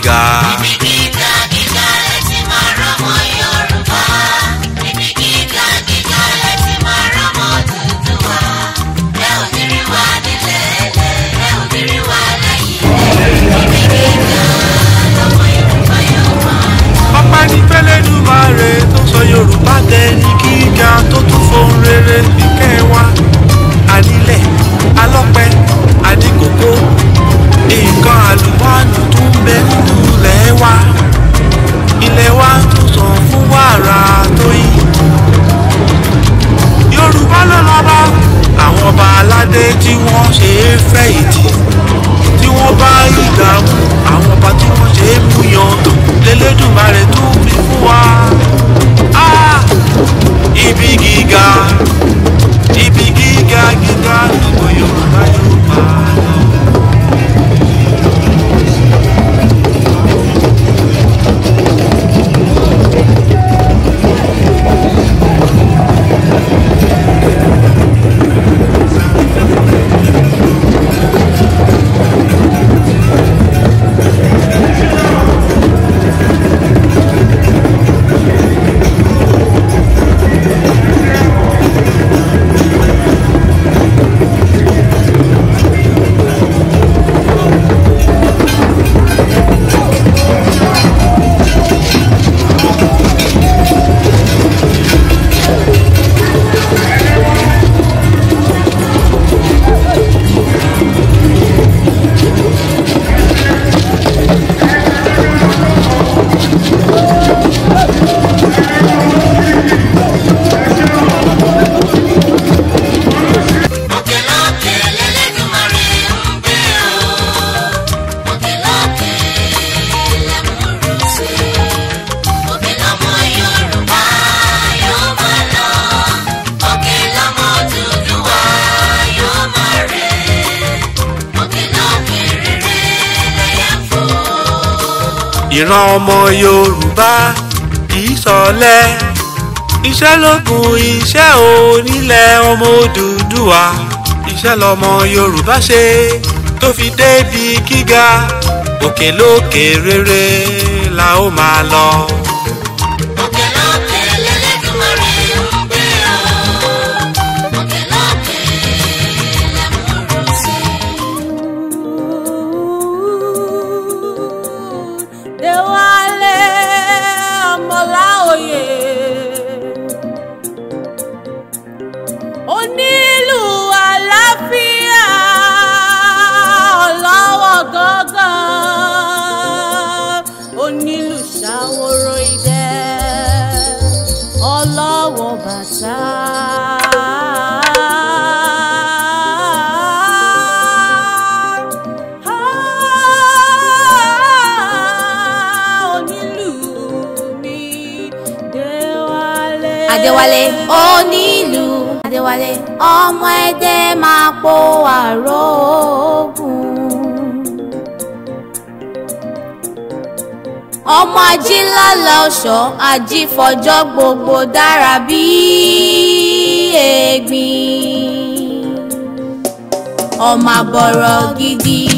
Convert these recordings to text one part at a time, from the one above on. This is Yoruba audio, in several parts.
got. wọ́n ṣe é fẹ́ ìdí tí wọ́n bá ìdààmú àwọn ọba tí wọ́n ṣe é mú yan lélẹ́dùnmarè. ìran ọmọ Yorùbá kì í sọlẹ iṣẹ́ lógun iṣẹ́ onílẹ̀ ọmọ Odùduwà iṣẹ́ lọmọ Yorùbá ṣe tó fi débi gíga òkè lókè rere la ó máa lọ. Adéwálé onílù Adéwálé ọmọ Ẹdẹ máa po àrò ogun ọmọ ajílálà ọ̀ṣọ́ ajífọjọ́ gbogbo dára bí ègbìn ọmọ àbọ̀rọ̀ gidi.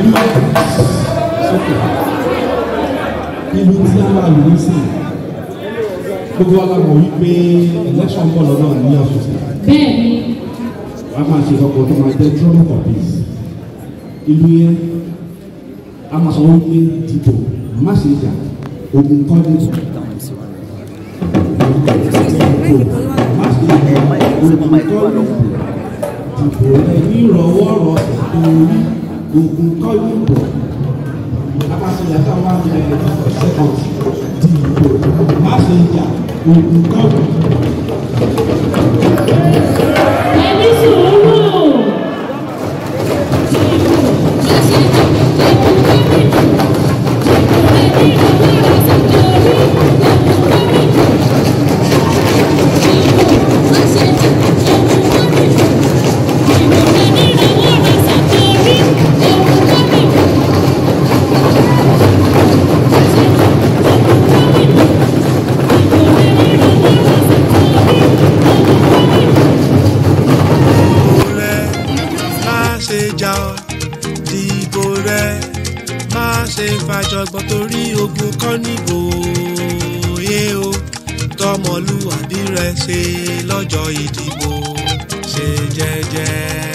ibi tí a wà lóyún sí gbogbo alamọ wípé election bọ̀ lọ́nà ní àsùnfẹ́. bẹ́ẹ̀ni. wàá máa ṣe ọkọ̀ tó máa jẹ́ trump for peace ìlú yẹn a máa sọ wípé dìbò má ṣe jà ogun kọ́ ní má ṣe jà ogun kọ́ ní dìbò ẹ ní ìrọ̀wọ́rọ̀ ètò orí oògùn kọ́ bọ̀ abasọ̀yà tá a máa ń jẹ di ìbò má ṣe oògùn kọ́ Thank you. ṣọgbọ́n torí ogun kọ́ níbo yé o tọmọlúwàbí rẹ ṣe lọ́jọ́ ìdìbò ṣe jẹ́jẹ́.